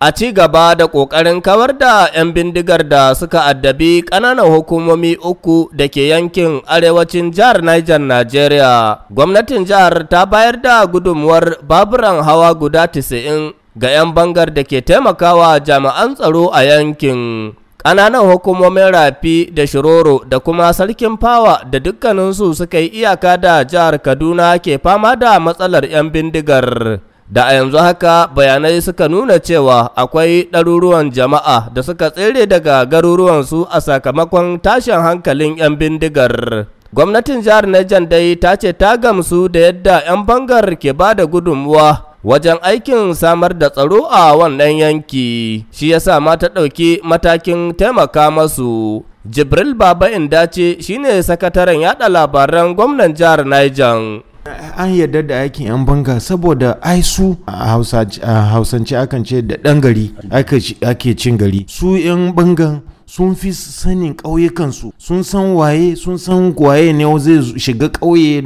a ci gaba da ƙoƙarin kawar da 'yan bindigar da suka addabi ƙananan hukumomi uku da ke yankin arewacin jihar Niger Najeriya. Gwamnatin jihar ta bayar da gudunmuwar baburan hawa guda 90 ga 'yan bangar da ke taimakawa jami'an tsaro a yankin. Ƙananan hukumomin rafi da shiroro da kuma sarkin fawa da dukkaninsu suka yi iyaka da jihar Kaduna ke fama da matsalar 'yan bindigar. da a yanzu haka bayanai suka nuna cewa akwai ɗaruruwan jama'a da suka tsere daga garuruwansu a sakamakon tashin hankalin 'yan bindigar gwamnatin jihar najan dai ta ce ta gamsu da yadda 'yan bangar ke ba da gudunmuwa wajen aikin samar da tsaro a wannan yanki shi yasa ma ta ɗauki matakin taimaka masu jibril baba indace shine sakataren yada labaran gwamnan jihar Niger an yarda da aikin 'yan banga saboda ai su a hausance akan ce da ɗan gari ake cin gari su 'yan bangan sun fi sanin ƙauyukansu sun san waye sun san waye ne zai shiga ƙauye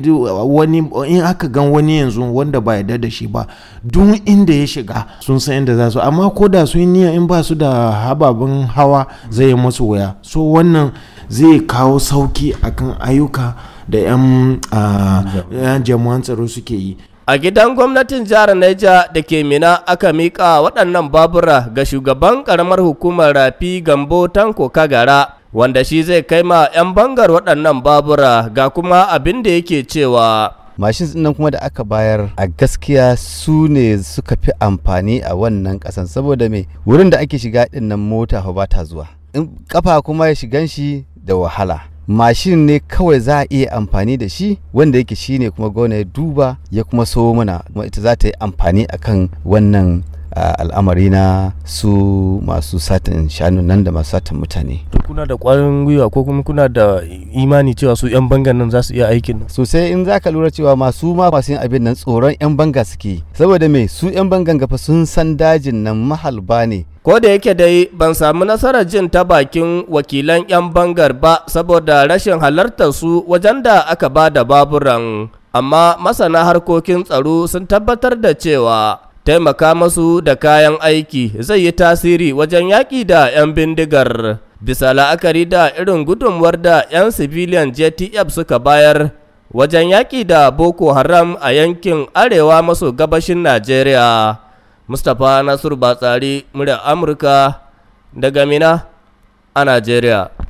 wani in aka gan wani yanzu wanda ba yarda da shi ba duk inda ya shiga sun san inda za su amma ko da sun niyya in ba su da hababin hawa zai yi musu waya so wannan zai kawo sauki akan ayyuka da 'yan ah, jamuwan tsaro suke yi a gidan gwamnatin jihar Niger da ke mina aka miƙa waɗannan babura ga shugaban karamar hukumar rafi gambo tanko kagara wanda shi zai kai ma 'yan bangar waɗannan babura ga kuma abin da yake cewa mashin nan kuma da aka bayar a gaskiya su ne suka fi amfani a wannan ƙasan saboda me wurin da ake shiga ɗin mota ba ta zuwa in kafa kuma ya shigan shi da wahala mashin ne kawai za a iya amfani da shi wanda yake ne kuma gwamna ya duba ya kuma so mana ita za ta yi amfani akan wannan Ah, al'amari na su masu satin shanu nan da masu satin mutane. To kuna da kwarin gwiwa ko kuma kuna da imani cewa su 'yan bangan nan za su iya aikin nan? Sosai in za ka lura cewa masu ma masu yin abin nan tsoron 'yan banga suke. Saboda me su 'yan bangan gafa sun san dajin nan mahalba ne. Ko da yake dai ban samu nasarar jin ta bakin wakilan 'yan bangar ba saboda rashin halartar su wajen da aka ba da baburan. Amma masana harkokin tsaro sun tabbatar da cewa taimaka masu da kayan aiki zai yi tasiri wajen yaƙi da 'yan bindigar bisa la'akari da irin gudunmuwar da 'yan civilian jtf suka bayar wajen yaƙi da boko haram a yankin arewa maso gabashin najeriya mustapha nasiru batsari murya amurka daga mina a najeriya